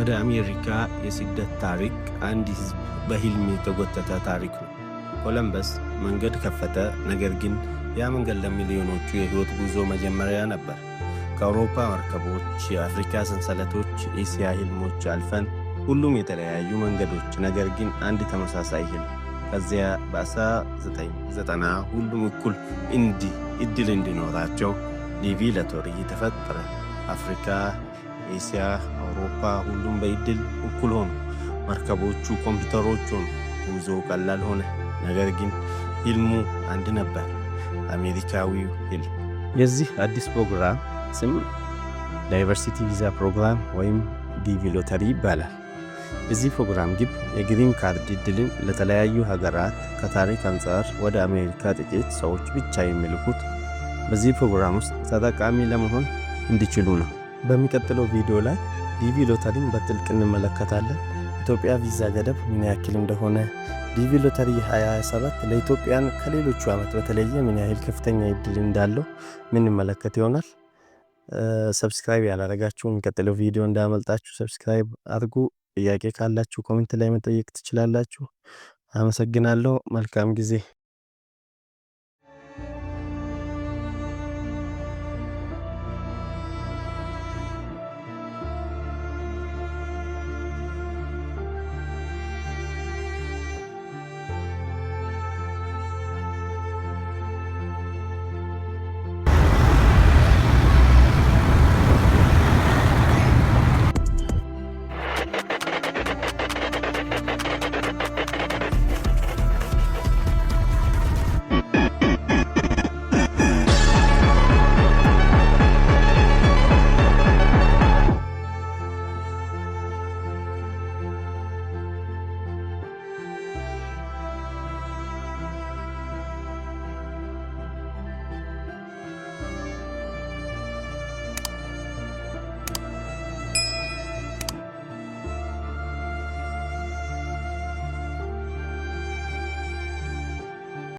ወደ አሜሪካ የስደት ታሪክ አንድ ሕዝብ በሂልም የተጎተተ ታሪክ ነው። ኮለምበስ መንገድ ከፈተ። ነገር ግን ያ መንገድ ለሚሊዮኖቹ የሕይወት ጉዞ መጀመሪያ ነበር። ከአውሮፓ መርከቦች፣ የአፍሪካ ሰንሰለቶች፣ ኤስያ ህልሞች አልፈን ሁሉም የተለያዩ መንገዶች፣ ነገር ግን አንድ ተመሳሳይ ሕልም። ከዚያ በ1990 ሁሉም እኩል እንዲህ እድል እንዲኖራቸው ዲቪ ለቶሪ ተፈጠረ። አፍሪካ ኤስያ፣ አውሮፓ ሁሉም በይድል እኩል ሆኑ። መርከቦቹ ኮምፒውተሮች ሆኑ። ጉዞው ቀላል ሆነ። ነገር ግን ህልሙ አንድ ነበር፣ አሜሪካዊው ህልም። የዚህ አዲስ ፕሮግራም ስም ዳይቨርሲቲ ቪዛ ፕሮግራም ወይም ዲቪ ሎተሪ ይባላል። እዚህ ፕሮግራም ግብ የግሪን ካርድ እድልን ለተለያዩ ሀገራት ከታሪክ አንጻር ወደ አሜሪካ ጥቂት ሰዎች ብቻ የሚልኩት በዚህ ፕሮግራም ውስጥ ተጠቃሚ ለመሆን እንዲችሉ ነው። በሚቀጥለው ቪዲዮ ላይ ዲቪ ሎተሪን በጥልቅ እንመለከታለን። ኢትዮጵያ ቪዛ ገደብ ምን ያክል እንደሆነ፣ ዲቪ ሎተሪ 2027 ለኢትዮጵያን ከሌሎቹ ዓመት በተለየ ምን ያህል ከፍተኛ እድል እንዳለው ምንመለከት ይሆናል። ሰብስክራይብ ያላረጋችሁ የሚቀጥለው ቪዲዮ እንዳመልጣችሁ ሰብስክራይብ አድርጉ። ጥያቄ ካላችሁ ኮሜንት ላይ መጠየቅ ትችላላችሁ። አመሰግናለሁ። መልካም ጊዜ